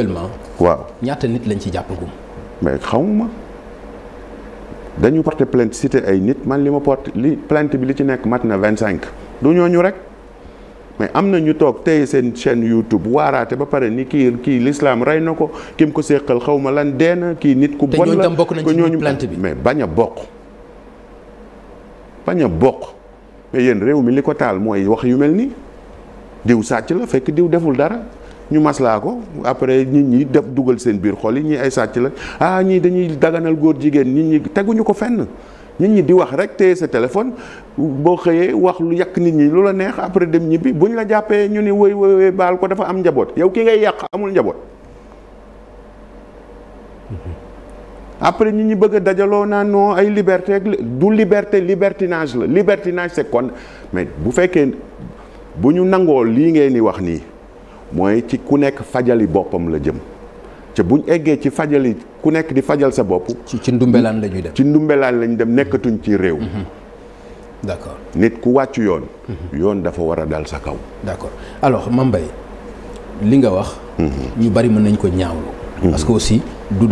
actuellement. waaw ñaata nit lañ ci jàppagum. mais xaw ma dañu porté plant cité ay nit man li ma porté li plant bi li ci nekk mat na vingt cinq du ñooñu rek mais am na ñu toog tey seen chaîne YouTube waaraate ba pare ni kii kii lislaam rey na ko ki mu ko séqal xaw ma lan dee na kii nit ku bon la te ñooñu plainte bi mais bañ a boq bañ a boq mais yéen réew mi li ko taal mooy wax yu mel ni diw sàcc la fekk diw deful dara ñu maslaa ko après nit ñi def dugal seen biir xol yi ñii ay sàcc la ah ñii dañuy daganal góor jigéen nit ñi teguñu ko fenn nit ñi di wax rek téye sa téléphone boo xëyee wax lu yàq nit ñi lu la neex après dem ñibbi bu ñu la jàppee ñu ne woy woy woy baal ko dafa am njaboot yow ki ngay yàq amul njaboot. après nit ñi bëgg dajaloo naa non ay liberté ak du liberté libertinage la libertinage c'est kon mais bu fekkee bu ñu nangoo li ngeen di wax nii. mooy ci ku nekk fajali boppam la jëm bu buñ eggee ci fajali ku nekk di fajal sa bopp. ci ci ndumbelaan lañuy ñuy dem. ci ndumbelaan lañ dem nekkatuñ ci réew. Mhm. d'accord nit ku wàcc yoon. Mhm. yoon dafa war a dal sa kaw. d'accord alors Mame Mbaye li nga wax. Mhm. ñu bari mën nañ ko ñaawlu. parce aussi du